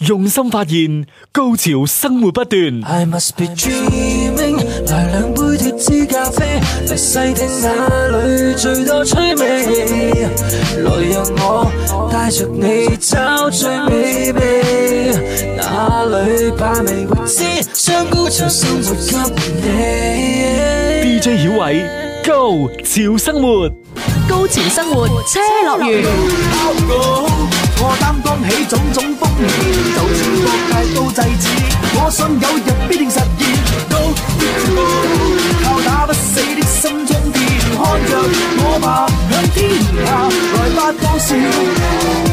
用心發現，高潮生活不斷。I must be dreaming，來兩杯脫脂咖啡，嚟細聽那裏最多趣味。來讓我帶着你找最美味，哪裏把味未知，將高潮生活給你。DJ 小偉，Go 潮生活。高潮生活，車樂園。我擔當起種種風險，就算各界都制止，我相信有日必定實現。高，高，靠打不死的心衝天，看著我爬向天。來發放閃。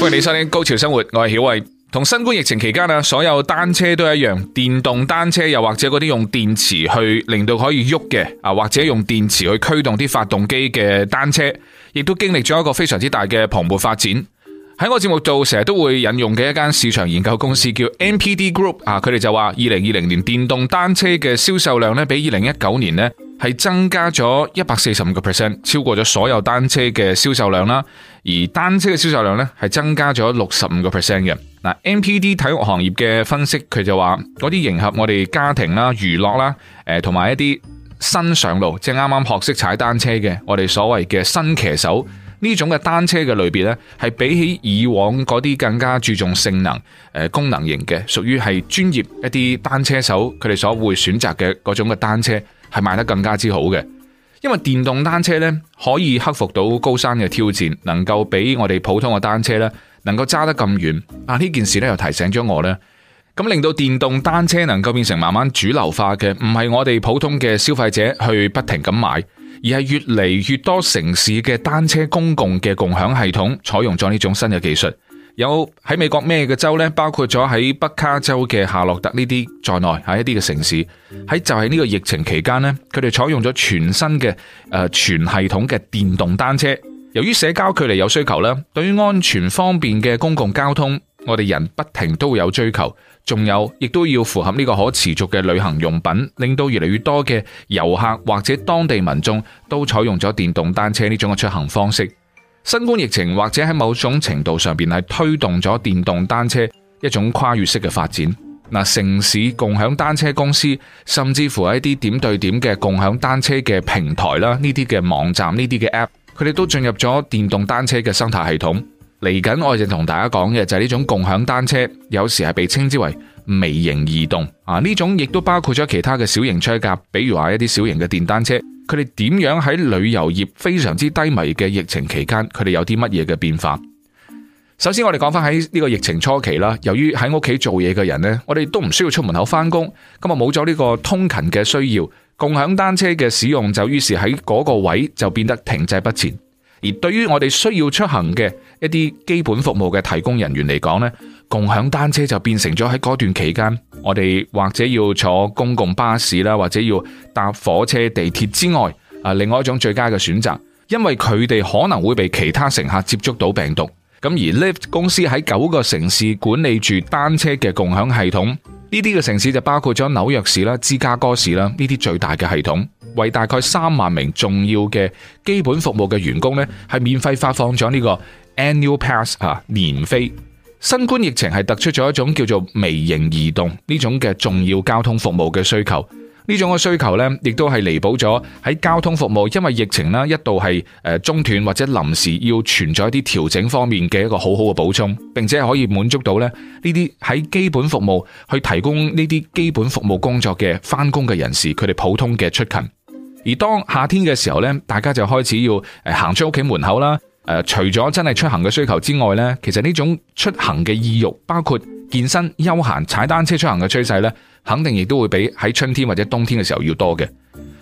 歡迎你收聽高潮生活，我係曉慧。同新冠疫情期間啊，所有單車都一樣，電動單車又或者嗰啲用電池去令到可以喐嘅啊，或者用電池去驅動啲發動機嘅單車，亦都經歷咗一個非常之大嘅蓬勃發展。喺我節目度成日都會引用嘅一間市場研究公司叫 NPD Group 啊，佢哋就話二零二零年電動單車嘅銷售量咧，比二零一九年咧係增加咗一百四十五個 percent，超過咗所有單車嘅銷售量啦。而單車嘅銷售量咧係增加咗六十五個 percent 嘅。嗱，NPD 體育行業嘅分析佢就話，嗰啲迎合我哋家庭啦、娛樂啦，誒，同埋一啲新上路，即係啱啱學識踩單車嘅，我哋所謂嘅新騎手呢種嘅單車嘅類別呢，係比起以往嗰啲更加注重性能、誒功能型嘅，屬於係專業一啲單車手佢哋所會選擇嘅嗰種嘅單車，係賣得更加之好嘅。因為電動單車呢，可以克服到高山嘅挑戰，能夠俾我哋普通嘅單車咧。能夠揸得咁遠，但、啊、呢件事咧，又提醒咗我呢，咁、嗯、令到電動單車能夠變成慢慢主流化嘅，唔係我哋普通嘅消費者去不停咁買，而係越嚟越多城市嘅單車公共嘅共享系統採用咗呢種新嘅技術。有喺美國咩嘅州咧，包括咗喺北卡州嘅夏洛特呢啲在內，喺一啲嘅城市，喺就係呢個疫情期間呢佢哋採用咗全新嘅誒、呃、全系統嘅電動單車。由於社交距離有需求咧，對於安全方便嘅公共交通，我哋人不停都有追求。仲有，亦都要符合呢個可持續嘅旅行用品，令到越嚟越多嘅遊客或者當地民眾都採用咗電動單車呢種嘅出行方式。新冠疫情或者喺某種程度上邊係推動咗電動單車一種跨越式嘅發展。嗱，城市共享單車公司，甚至乎一啲點對點嘅共享單車嘅平台啦，呢啲嘅網站，呢啲嘅 app。佢哋都進入咗電動單車嘅生態系統。嚟緊，我哋同大家講嘅就係呢種共享單車，有時係被稱之為微型移動。啊，呢種亦都包括咗其他嘅小型車架，比如話一啲小型嘅電單車。佢哋點樣喺旅遊業非常之低迷嘅疫情期間，佢哋有啲乜嘢嘅變化？首先，我哋講翻喺呢個疫情初期啦，由於喺屋企做嘢嘅人呢，我哋都唔需要出門口返工，咁啊冇咗呢個通勤嘅需要。共享單車嘅使用就於是喺嗰個位就變得停滯不前，而對於我哋需要出行嘅一啲基本服務嘅提供人員嚟講呢，共享單車就變成咗喺嗰段期間，我哋或者要坐公共巴士啦，或者要搭火車、地鐵之外，啊，另外一種最佳嘅選擇，因為佢哋可能會被其他乘客接觸到病毒。咁而 Lift 公司，喺九個城市管理住單車嘅共享系統。呢啲嘅城市就包括咗紐約市啦、芝加哥市啦，呢啲最大嘅系統，為大概三萬名重要嘅基本服務嘅員工呢，係免費發放咗呢個 annual pass 吓、啊、年飛。新冠疫情係突出咗一種叫做微型移動呢種嘅重要交通服務嘅需求。呢種嘅需求呢，亦都係彌補咗喺交通服務，因為疫情啦一度係誒中斷或者臨時要存在一啲調整方面嘅一個好好嘅補充，並且可以滿足到呢呢啲喺基本服務去提供呢啲基本服務工作嘅翻工嘅人士，佢哋普通嘅出勤。而當夏天嘅時候呢，大家就開始要誒行出屋企門口啦。誒，除咗真係出行嘅需求之外呢，其實呢種出行嘅意欲，包括健身、休閒、踩單車出行嘅趨勢呢，肯定亦都會比喺春天或者冬天嘅時候要多嘅。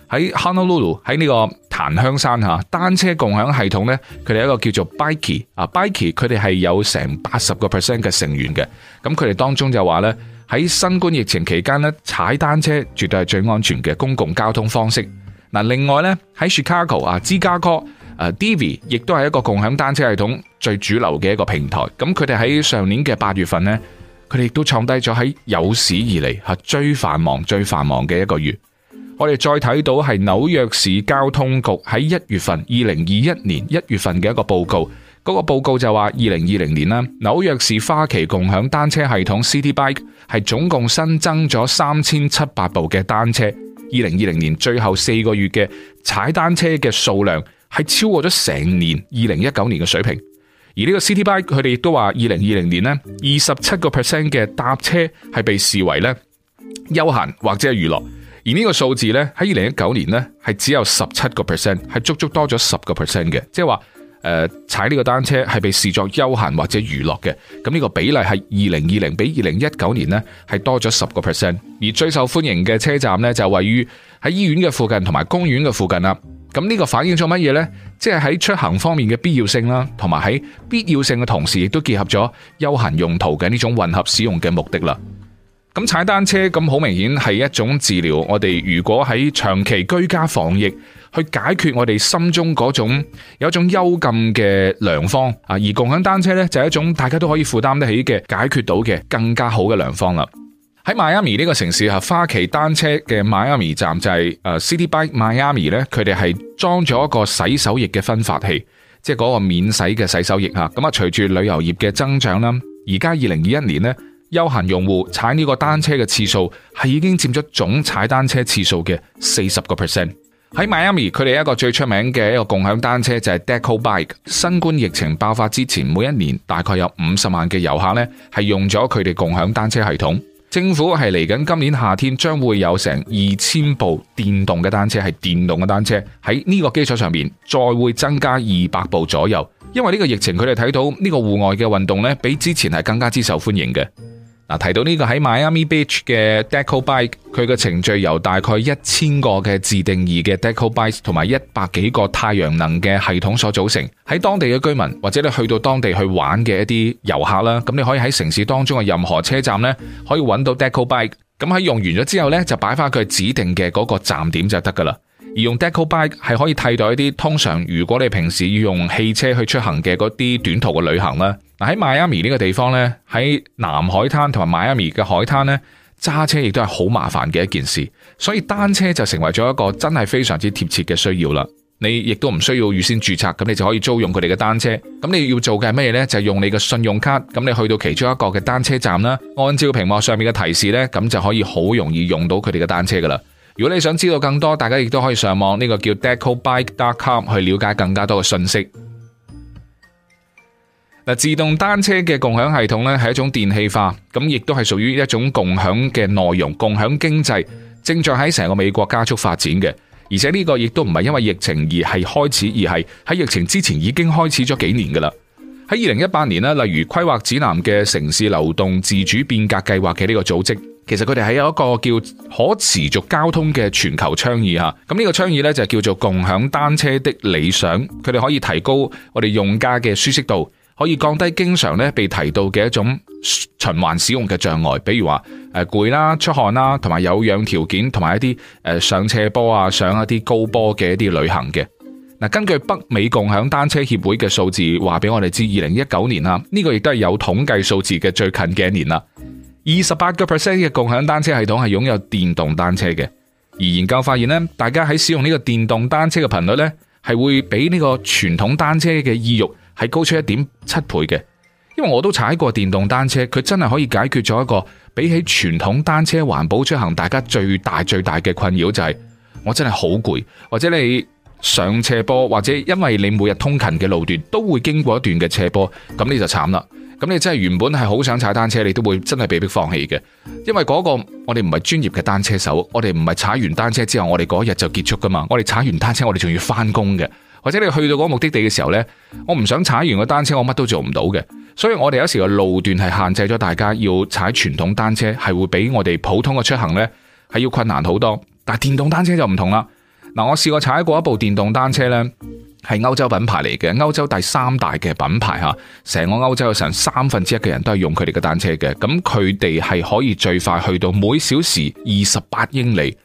喺 Honolulu 喺呢個檀香山嚇單車共享系統呢，佢哋一個叫做 Bikey 啊 Bikey，佢哋係有成八十個 percent 嘅成員嘅。咁佢哋當中就話呢，喺新冠疫情期間呢，踩單車絕對係最安全嘅公共交通方式。嗱，另外呢，喺 Chicago 啊芝加哥，誒 Divi 亦都係一個共享單車系統最主流嘅一個平台。咁佢哋喺上年嘅八月份呢。佢哋都創低咗喺有史以嚟係最繁忙、最繁忙嘅一個月。我哋再睇到係紐約市交通局喺一月份，二零二一年一月份嘅一個報告，嗰個報告就話二零二零年啦，紐約市花旗共享單車系統 City Bike 係總共新增咗三千七百部嘅單車。二零二零年最後四個月嘅踩單車嘅數量係超過咗成年二零一九年嘅水平。而呢個 City Bike 佢哋亦都話，二零二零年呢，二十七個 percent 嘅搭車係被視為呢休閒或者係娛樂。而呢個數字呢，喺二零一九年呢，係只有十七個 percent，係足足多咗十個 percent 嘅，即係話誒踩呢個單車係被視作休閒或者娛樂嘅。咁呢個比例係二零二零比二零一九年呢，係多咗十個 percent。而最受歡迎嘅車站呢，就位於喺醫院嘅附近同埋公園嘅附近啦。咁呢個反映咗乜嘢呢？即係喺出行方面嘅必要性啦，同埋喺必要性嘅同時，亦都結合咗休閒用途嘅呢種混合使用嘅目的啦。咁、嗯、踩單車咁好明顯係一種治療我哋，如果喺長期居家防疫，去解決我哋心中嗰種有一種幽禁嘅良方啊，而共享單車呢，就係一種大家都可以負擔得起嘅解決到嘅更加好嘅良方啦。喺邁阿密呢個城市啊，花旗單車嘅邁阿密站就係、是、誒 City Bike Miami 咧。佢哋係裝咗一個洗手液嘅分發器，即係嗰個免洗嘅洗手液吓，咁啊，隨住旅遊業嘅增長啦，而家二零二一年呢，休閒用戶踩呢個單車嘅次數係已經佔咗總踩單車次數嘅四十個 percent。喺邁阿密，佢哋一個最出名嘅一個共享單車就係 Deco Bike。新冠疫情爆發之前，每一年大概有五十萬嘅遊客呢係用咗佢哋共享單車系統。政府係嚟緊今年夏天，將會有成二千部電動嘅單車，係電動嘅單車，喺呢個基礎上面再會增加二百部左右。因為呢個疫情，佢哋睇到呢個戶外嘅運動呢，比之前係更加之受歡迎嘅。嗱，提到呢個喺 Miami Beach 嘅 Deco Bike，佢嘅程序由大概一千個嘅自定義嘅 Deco Bike 同埋一百幾個太陽能嘅系統所組成。喺當地嘅居民或者你去到當地去玩嘅一啲遊客啦，咁你可以喺城市當中嘅任何車站呢，可以揾到 Deco Bike。咁喺用完咗之後呢，就擺返佢指定嘅嗰個站點就得㗎喇。而用 DecoBike 係可以替代一啲通常如果你平時要用汽車去出行嘅嗰啲短途嘅旅行啦。喺 Miami 呢個地方呢，喺南海灘同埋 Miami 嘅海灘呢，揸車亦都係好麻煩嘅一件事，所以單車就成為咗一個真係非常之貼切嘅需要啦。你亦都唔需要預先註冊，咁你就可以租用佢哋嘅單車。咁你要做嘅係咩呢？就係用你嘅信用卡，咁你去到其中一個嘅單車站啦，按照屏幕上面嘅提示呢，咁就可以好容易用到佢哋嘅單車噶啦。如果你想知道更多，大家亦都可以上網，呢個叫 DecoBike.com 去了解更加多嘅信息。嗱，自動單車嘅共享系統咧係一種電氣化，咁亦都係屬於一種共享嘅內容，共享經濟正在喺成個美國加速發展嘅，而且呢個亦都唔係因為疫情而係開始，而係喺疫情之前已經開始咗幾年噶啦。喺二零一八年咧，例如規劃指南嘅城市流動自主變革計劃嘅呢個組織。其實佢哋係有一個叫可持續交通嘅全球倡議吓，咁呢個倡議呢，就叫做共享單車的理想。佢哋可以提高我哋用家嘅舒適度，可以降低經常咧被提到嘅一種循環使用嘅障礙，比如話誒攰啦、出汗啦，同埋有、有氧條件同埋一啲誒上斜坡啊、上一啲高波嘅一啲旅行嘅。嗱，根據北美共享單車協會嘅數字話俾我哋知，二零一九年啊，呢、呢個亦都係有統計數字嘅最近嘅一年啦。二十八個 percent 嘅共享單車系統係擁有電動單車嘅，而研究發現呢，大家喺使用呢個電動單車嘅頻率呢，係會比呢個傳統單車嘅意欲係高出一點七倍嘅。因為我都踩過電動單車，佢真係可以解決咗一個比起傳統單車環保出行，大家最大最大嘅困擾就係我真係好攰，或者你上斜坡，或者因為你每日通勤嘅路段都會經過一段嘅斜坡，咁你就慘啦。咁你真係原本係好想踩單車，你都會真係被迫放棄嘅，因為嗰個我哋唔係專業嘅單車手，我哋唔係踩完單車之後，我哋嗰日就結束噶嘛，我哋踩完單車我哋仲要翻工嘅，或者你去到嗰個目的地嘅時候呢，我唔想踩完個單車，我乜都做唔到嘅，所以我哋有時個路段係限制咗大家要踩傳統單車，係會比我哋普通嘅出行呢係要困難好多，但係電動單車就唔同啦。嗱，我試過踩過一部電動單車呢。係歐洲品牌嚟嘅，歐洲第三大嘅品牌吓，成個歐洲有成三分之一嘅人都係用佢哋嘅單車嘅，咁佢哋係可以最快去到每小時二十八英里。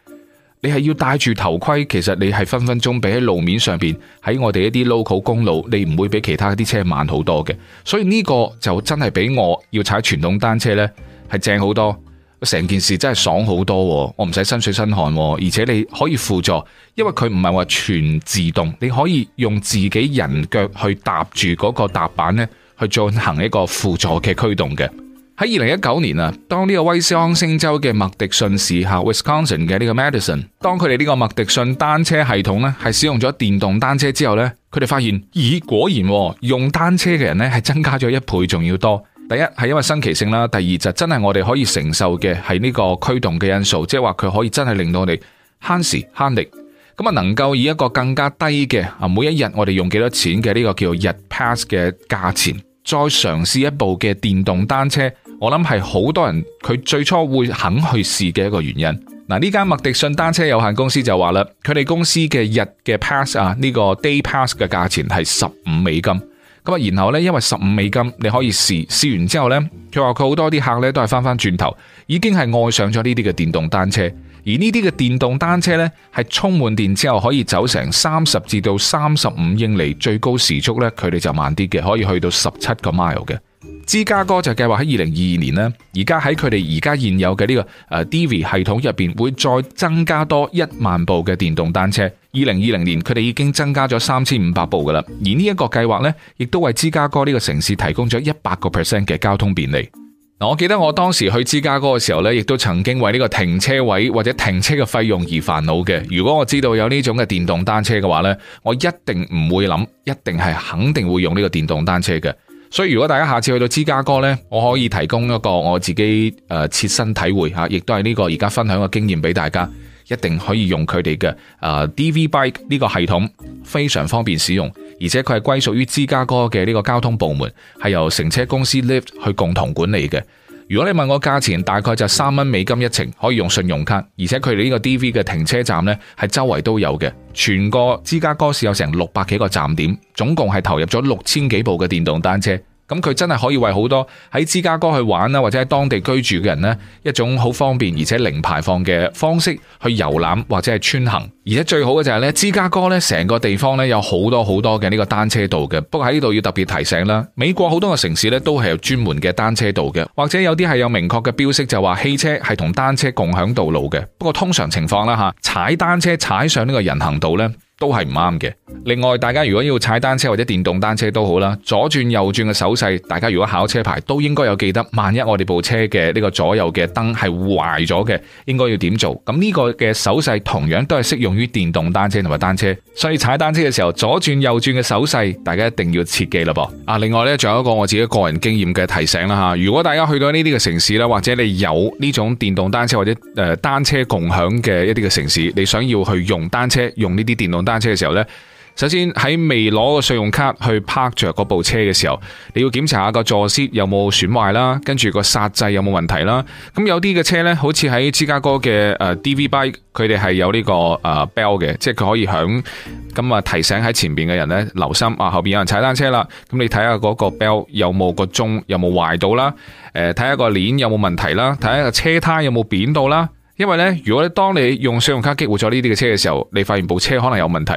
你係要戴住頭盔，其實你係分分鐘比喺路面上邊喺我哋一啲 local 公路，你唔會比其他啲車慢好多嘅，所以呢個就真係比我要踩傳統單車呢，係正好多。成件事真係爽好多。哦，我唔使身水身汗，哦，而且你可以輔助，因為佢唔係話全自動，你可以用自己人腳去搭住嗰個踏板呢，去進行一個輔助嘅驅動嘅。喺二零一九年啊，當呢個威斯康星州嘅麥迪遜時下 （Wisconsin 嘅呢個 Madison），當佢哋呢個麥迪遜單車系統呢係使用咗電動單車之後呢，佢哋發現咦，果然、哦、用單車嘅人呢係增加咗一倍仲要多。第一係因為新奇性啦，第二就真係我哋可以承受嘅係呢個驅動嘅因素，即係話佢可以真係令到我哋慳時慳力，咁啊能夠以一個更加低嘅，啊每一日我哋用幾多錢嘅呢個叫做日 pass 嘅價錢，再嘗試一部嘅電動單車，我諗係好多人佢最初會肯去試嘅一個原因。嗱，呢間麥迪遜單車有限公司就話啦，佢哋公司嘅日嘅 pass 啊呢個 day pass 嘅價錢係十五美金。咁啊，然後咧，因為十五美金你可以試試，試完之後咧，佢話佢好多啲客咧都係返返轉頭，已經係愛上咗呢啲嘅電動單車。而呢啲嘅電動單車呢，係充滿電之後可以走成三十至到三十五英里，最高時速呢，佢哋就慢啲嘅，可以去到十七個 mile 嘅。芝加哥就計劃喺二零二二年呢，而家喺佢哋而家現有嘅呢個誒 Divi 系統入邊，會再增加多一萬部嘅電動單車。二零二零年佢哋已經增加咗三千五百部㗎喇，而呢一個計劃呢，亦都為芝加哥呢個城市提供咗一百個 percent 嘅交通便利。我記得我當時去芝加哥嘅時候咧，亦都曾經為呢個停車位或者停車嘅費用而煩惱嘅。如果我知道有呢種嘅電動單車嘅話呢，我一定唔會諗，一定係肯定會用呢個電動單車嘅。所以如果大家下次去到芝加哥呢，我可以提供一個我自己誒切身體會吓，亦都係呢個而家分享嘅經驗俾大家，一定可以用佢哋嘅誒 DV Bike 呢個系統，非常方便使用。而且佢係歸屬於芝加哥嘅呢個交通部門，係由乘車公司 Lift 去共同管理嘅。如果你問我價錢，大概就三蚊美金一程，可以用信用卡。而且佢哋呢個 DV 嘅停車站呢，係周圍都有嘅。全個芝加哥市有成六百幾個站點，總共係投入咗六千幾部嘅電動單車。咁佢真係可以為好多喺芝加哥去玩啦，或者喺當地居住嘅人呢，一種好方便而且零排放嘅方式去遊覽或者係穿行，而且最好嘅就係呢，芝加哥呢成個地方呢，有好多好多嘅呢個單車道嘅。不過喺呢度要特別提醒啦，美國好多個城市呢，都係有專門嘅單車道嘅，或者有啲係有明確嘅標識就話汽車係同單車共享道路嘅。不過通常情況啦吓，踩單車踩上呢個人行道呢。都係唔啱嘅。另外，大家如果要踩單車或者電動單車都好啦，左轉右轉嘅手勢，大家如果考車牌都應該有記得。萬一我哋部車嘅呢個左右嘅燈係壞咗嘅，應該要點做？咁呢個嘅手勢同樣都係適用於電動單車同埋單車。所以踩單車嘅時候，左轉右轉嘅手勢，大家一定要切記啦噃。啊，另外呢，仲有一個我自己個人經驗嘅提醒啦吓。如果大家去到呢啲嘅城市咧，或者你有呢種電動單車或者誒、呃、單車共享嘅一啲嘅城市，你想要去用單車，用呢啲電動單車嘅時候咧，首先喺未攞個信用卡去拍着嗰部車嘅時候，你要檢查下個座絲有冇損壞啦，跟住個剎掣有冇問題啦。咁有啲嘅車呢，好似喺芝加哥嘅誒 Divvy bike，佢哋係有呢個誒 bell 嘅，即係佢可以響咁，啊提醒喺前邊嘅人呢，留心啊，後邊有人踩單車啦。咁你睇下嗰個 bell 有冇個鐘，有冇壞到啦？誒、呃，睇下個鏈有冇問題啦，睇下個車胎有冇扁到啦。因為咧，如果你當你用信用卡激活咗呢啲嘅車嘅時候，你發現部車可能有問題。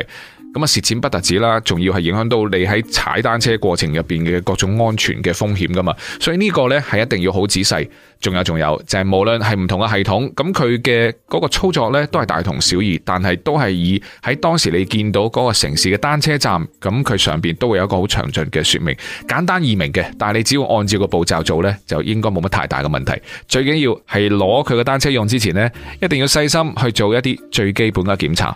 咁啊，蝕錢不特止啦，仲要係影響到你喺踩單車過程入邊嘅各種安全嘅風險噶嘛，所以呢個咧，係一定要好仔細。仲有仲有，就係無論係唔同嘅系統，咁佢嘅嗰個操作咧都係大同小異，但係都係以喺當時你見到嗰個城市嘅單車站，咁佢上邊都會有一個好詳盡嘅說明，簡單易明嘅，但係你只要按照個步驟做咧，就應該冇乜太大嘅問題。最緊要係攞佢嘅單車用之前咧，一定要細心去做一啲最基本嘅檢查。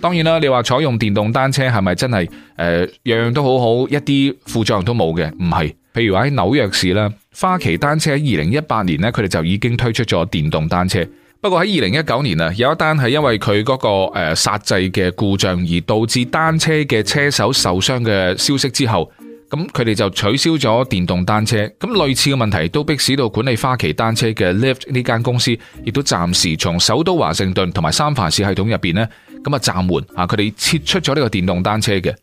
當然啦，你話採用電動單車係咪真係誒樣樣都好好，一啲副作用都冇嘅？唔係，譬如話喺紐約市啦，花旗單車喺二零一八年呢，佢哋就已經推出咗電動單車。不過喺二零一九年啊，有一單係因為佢嗰個誒剎制嘅故障而導致單車嘅車手受傷嘅消息之後。咁佢哋就取消咗電動單車，咁類似嘅問題都迫使到管理花旗單車嘅 Lyft 呢間公司，亦都暫時從首都華盛頓同埋三藩市系統入邊呢。咁啊暫緩啊，佢哋撤出咗呢個電動單車嘅。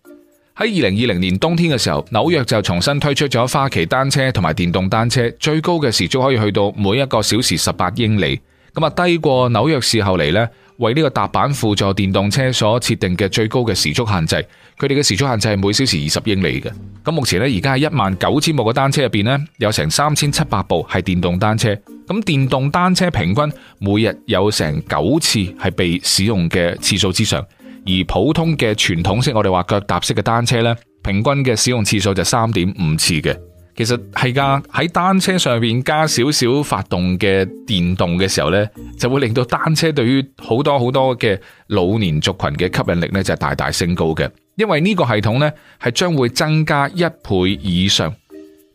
喺二零二零年冬天嘅時候，紐約就重新推出咗花旗單車同埋電動單車，最高嘅時速可以去到每一個小時十八英里，咁啊低過紐約市後嚟呢。為呢個踏板輔助電動車所設定嘅最高嘅時速限制，佢哋嘅時速限制係每小時二十英里嘅。咁目前呢，而家喺一萬九千部嘅單車入邊呢，有成三千七百部係電動單車。咁電動單車平均每日有成九次係被使用嘅次數之上，而普通嘅傳統式我哋話腳踏式嘅單車呢，平均嘅使用次數就三點五次嘅。其實係架喺單車上面加少少發動嘅電動嘅時候呢，就會令到單車對於好多好多嘅老年族群嘅吸引力呢，就大大升高嘅，因為呢個系統呢，係將會增加一倍以上。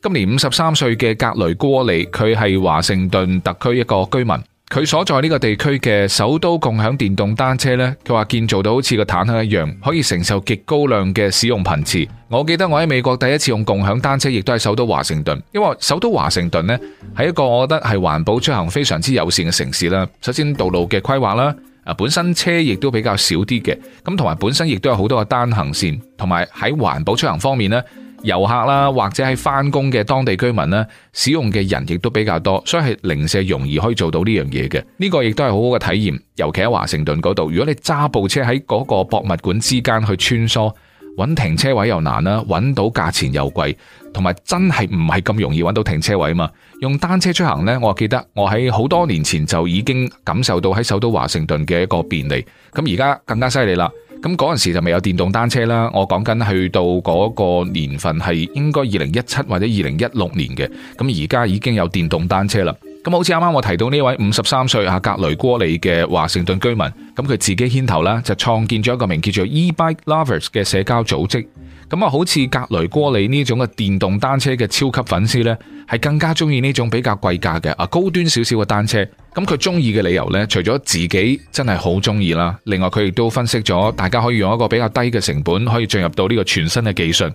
今年五十三歲嘅格雷戈里，佢係華盛頓特區一個居民。佢所在呢個地區嘅首都共享電動單車呢，佢話建造到好似個坦克一樣，可以承受極高量嘅使用頻次。我記得我喺美國第一次用共享單車，亦都喺首都華盛頓，因為首都華盛頓呢係一個我覺得係環保出行非常之友善嘅城市啦。首先道路嘅規劃啦，啊本身車亦都比較少啲嘅，咁同埋本身亦都有好多個單行線，同埋喺環保出行方面呢。遊客啦，或者喺翻工嘅當地居民啦，使用嘅人亦都比較多，所以係零舍容易可以做到呢樣嘢嘅。呢個亦都係好好嘅體驗，尤其喺華盛頓嗰度，如果你揸部車喺嗰個博物館之間去穿梭，揾停車位又難啦，揾到價錢又貴，同埋真係唔係咁容易揾到停車位嘛。用單車出行呢，我記得我喺好多年前就已經感受到喺首都華盛頓嘅一個便利，咁而家更加犀利啦。咁嗰陣時就未有電動單車啦，我講緊去到嗰個年份係應該二零一七或者二零一六年嘅，咁而家已經有電動單車啦。咁好似啱啱我提到呢位五十三歲啊格雷戈里嘅華盛頓居民，咁佢自己牽頭啦，就創建咗一個名叫做 E-Bike Lovers 嘅社交組織。咁啊，好似格雷戈里呢種嘅電動單車嘅超級粉絲呢，係更加中意呢種比較貴價嘅、啊高端少少嘅單車。咁佢中意嘅理由呢，除咗自己真係好中意啦，另外佢亦都分析咗，大家可以用一個比較低嘅成本，可以進入到呢個全新嘅技術。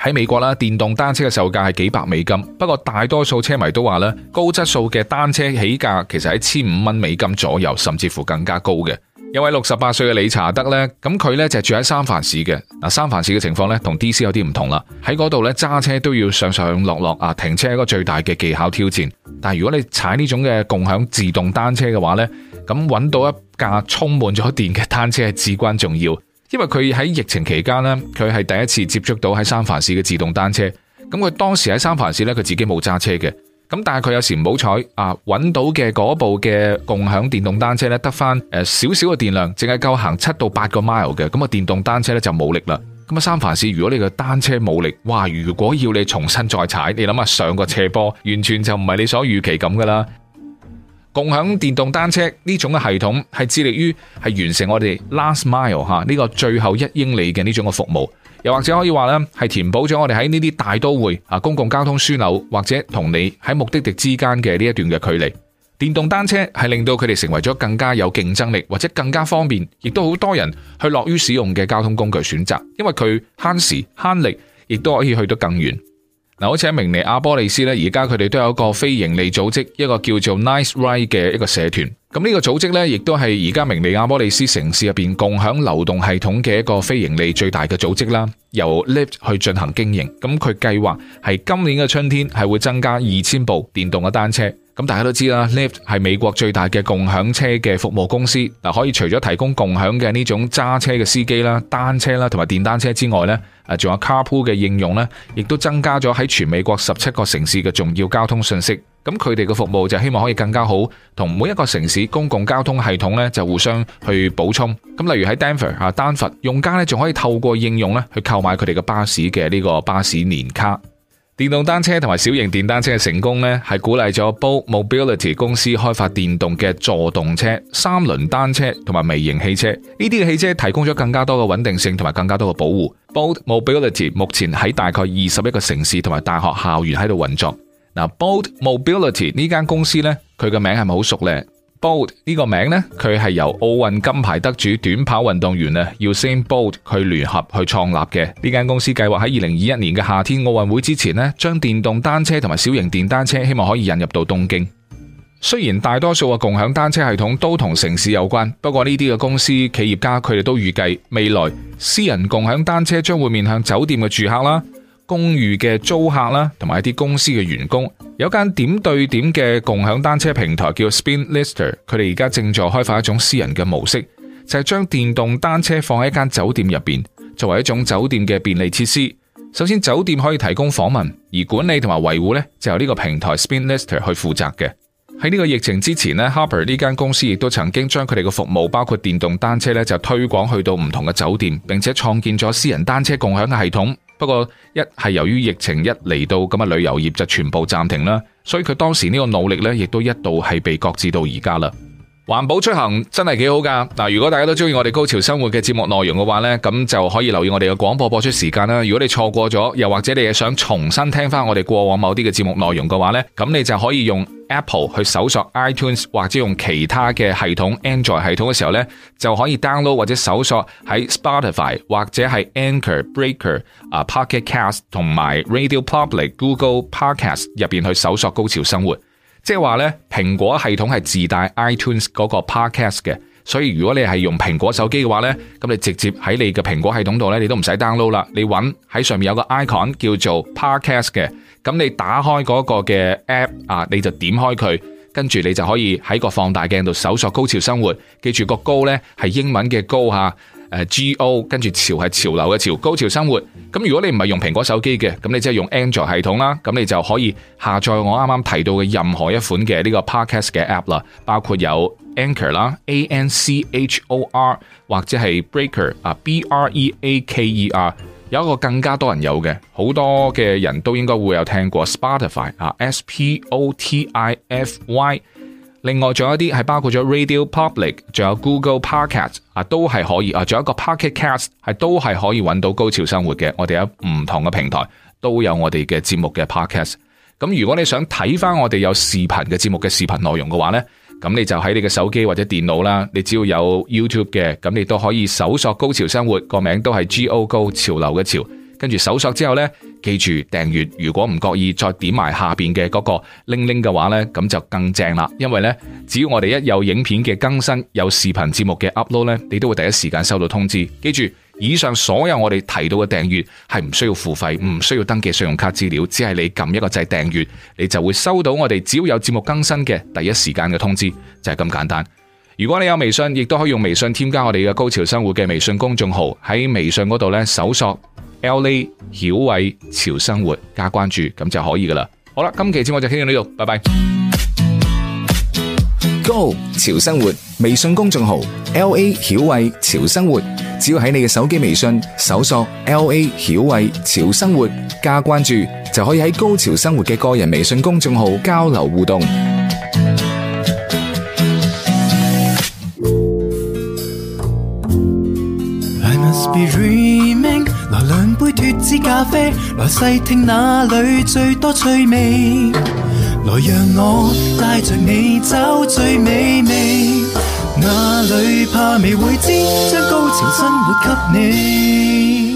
喺美國啦，電動單車嘅售價係幾百美金，不過大多數車迷都話呢，高質素嘅單車起價其實喺千五蚊美金左右，甚至乎更加高嘅。有位六十八歲嘅理查德呢，咁佢呢就住喺三藩市嘅。嗱，三藩市嘅情況呢，同 D.C 有啲唔同啦。喺嗰度呢，揸車都要上上落落啊，停車係一個最大嘅技巧挑戰。但係如果你踩呢種嘅共享自動單車嘅話呢，咁揾到一架充滿咗電嘅單車係至關重要，因為佢喺疫情期間呢，佢係第一次接觸到喺三藩市嘅自動單車。咁佢當時喺三藩市呢，佢自己冇揸車嘅。咁但係佢有時唔好彩，啊揾到嘅嗰部嘅共享電動單車咧，得返誒少少嘅電量，淨係夠行七到八個 mile 嘅，咁啊個電動單車呢就冇力啦。咁啊三藩市，如果你個單車冇力，哇！如果要你重新再踩，你諗下上個斜坡，完全就唔係你所預期咁噶啦。共享電動單車呢種嘅系統係致力於係完成我哋 last mile 吓呢個最後一英里嘅呢種嘅服務，又或者可以話咧係填補咗我哋喺呢啲大都會啊公共交通樞紐或者同你喺目的地之間嘅呢一段嘅距離。電動單車係令到佢哋成為咗更加有競爭力或者更加方便，亦都好多人去樂於使用嘅交通工具選擇，因為佢慳時慳力，亦都可以去到更遠。好似喺明尼亞波利斯咧，而家佢哋都有一個非營利組織，一個叫做 Nice Ride 嘅一個社團。咁、這、呢個組織咧，亦都係而家明尼亞波利斯城市入邊共享流動系統嘅一個非營利最大嘅組織啦。由 Lyft 去進行經營。咁佢計劃係今年嘅春天係會增加二千部電動嘅單車。咁大家都知啦，Lift 係美國最大嘅共享車嘅服務公司，嗱，可以除咗提供共享嘅呢種揸車嘅司機啦、單車啦同埋電單車之外呢，啊，仲有 Carpool 嘅應用呢，亦都增加咗喺全美國十七個城市嘅重要交通信息。咁佢哋嘅服務就希望可以更加好，同每一個城市公共交通系統呢就互相去補充。咁例如喺 Denver 啊，丹佛，用家呢，仲可以透過應用呢去購買佢哋嘅巴士嘅呢個巴士年卡。電動單車同埋小型電單車嘅成功呢係鼓勵咗 Boat Mobility 公司開發電動嘅助動車、三輪單車同埋微型汽車。呢啲嘅汽車提供咗更加多嘅穩定性同埋更加多嘅保護。Boat Mobility 目前喺大概二十一個城市同埋大學校園喺度運作。嗱，Boat Mobility 呢間公司呢，佢嘅名係咪好熟呢？Bolt 呢個名呢，佢係由奧運金牌得主短跑運動員啊，Usain Bolt 去聯合去創立嘅。呢間公司計劃喺二零二一年嘅夏天奧運會之前呢，將電動單車同埋小型電單車，希望可以引入到東京。雖然大多數嘅共享單車系統都同城市有關，不過呢啲嘅公司企業家佢哋都預計未來私人共享單車將會面向酒店嘅住客啦、公寓嘅租客啦，同埋一啲公司嘅員工。有間點對點嘅共享單車平台叫 Spinlister，佢哋而家正在開發一種私人嘅模式，就係將電動單車放喺一間酒店入邊，作為一種酒店嘅便利設施。首先，酒店可以提供訪問，而管理同埋維護呢就由呢個平台 Spinlister 去負責嘅。喺呢個疫情之前呢 Harper 呢間公司亦都曾經將佢哋嘅服務包括電動單車呢，就推廣去到唔同嘅酒店，並且創建咗私人單車共享嘅系統。不過，一係由於疫情一嚟到咁啊，旅遊業就全部暫停啦，所以佢當時呢個努力呢，亦都一度係被擱置到而家啦。環保出行真係幾好噶嗱！如果大家都中意我哋《高潮生活》嘅節目內容嘅話呢咁就可以留意我哋嘅廣播播出時間啦。如果你錯過咗，又或者你係想重新聽翻我哋過往某啲嘅節目內容嘅話呢咁你就可以用 Apple 去搜索 iTunes，或者用其他嘅系統 Android 系統嘅時候呢就可以 download 或者搜索喺 Spotify 或者係 Anchor Breaker 啊 Pocket Cast 同埋 Radio Public Google Podcast 入邊去搜索《高潮生活》。即係話咧，蘋果系統係自帶 iTunes 嗰個 Podcast 嘅，所以如果你係用蘋果手機嘅話咧，咁你直接喺你嘅蘋果系統度咧，你都唔使 download 啦，你搵喺上面有個 icon 叫做 Podcast 嘅，咁你打開嗰個嘅 app 啊，你就點開佢，跟住你就可以喺個放大鏡度搜索高潮生活，記住個高咧係英文嘅高吓。誒 G O 跟住潮係潮流嘅潮高潮生活，咁如果你唔係用蘋果手機嘅，咁你即係用 Android 系統啦，咁你就可以下載我啱啱提到嘅任何一款嘅呢個 podcast 嘅 app 啦，包括有 Anchor 啦 A N C H O R 或者係 Breaker 啊 B R E A K E R，有一個更加多人有嘅，好多嘅人都應該會有聽過 Spotify 啊 S P O T I F Y。另外仲有一啲係包括咗 Radio Public，仲有 Google Podcast 啊，都係可以啊，仲有一個 Podcast 係、啊、都係可以揾到高潮生活嘅。我哋有唔同嘅平台都有我哋嘅節目嘅 Podcast。咁如果你想睇翻我哋有視頻嘅節目嘅視頻內容嘅話呢，咁你就喺你嘅手機或者電腦啦，你只要有 YouTube 嘅，咁你都可以搜索高潮生活個名都 GO，都係 G O 高潮流嘅潮。跟住搜索之後呢，記住訂閱。如果唔覺意再點埋下邊嘅嗰個「拎拎」嘅話呢，咁就更正啦。因為呢，只要我哋一有影片嘅更新，有視頻節目嘅 upload 呢，你都會第一時間收到通知。記住，以上所有我哋提到嘅訂閱係唔需要付費，唔需要登記信用卡資料，只係你撳一個掣訂閱，你就會收到我哋只要有節目更新嘅第一時間嘅通知，就係咁簡單。如果你有微信，亦都可以用微信添加我哋嘅《高潮生活》嘅微信公眾號。喺微信嗰度呢，搜索。L A 曉慧潮生活加關注咁就可以噶啦。好啦，今期節目就傾到呢度，拜拜。Go 潮生活微信公眾號 L A 曉慧潮生活，只要喺你嘅手機微信搜索 L A 曉慧潮生活加關注，就可以喺高潮生活嘅個人微信公眾號交流互動。I must be 兩杯脫脂咖啡，來細聽哪裏最多趣味。來讓我帶着你找最美味，哪裏怕未會知，將高潮生活給你。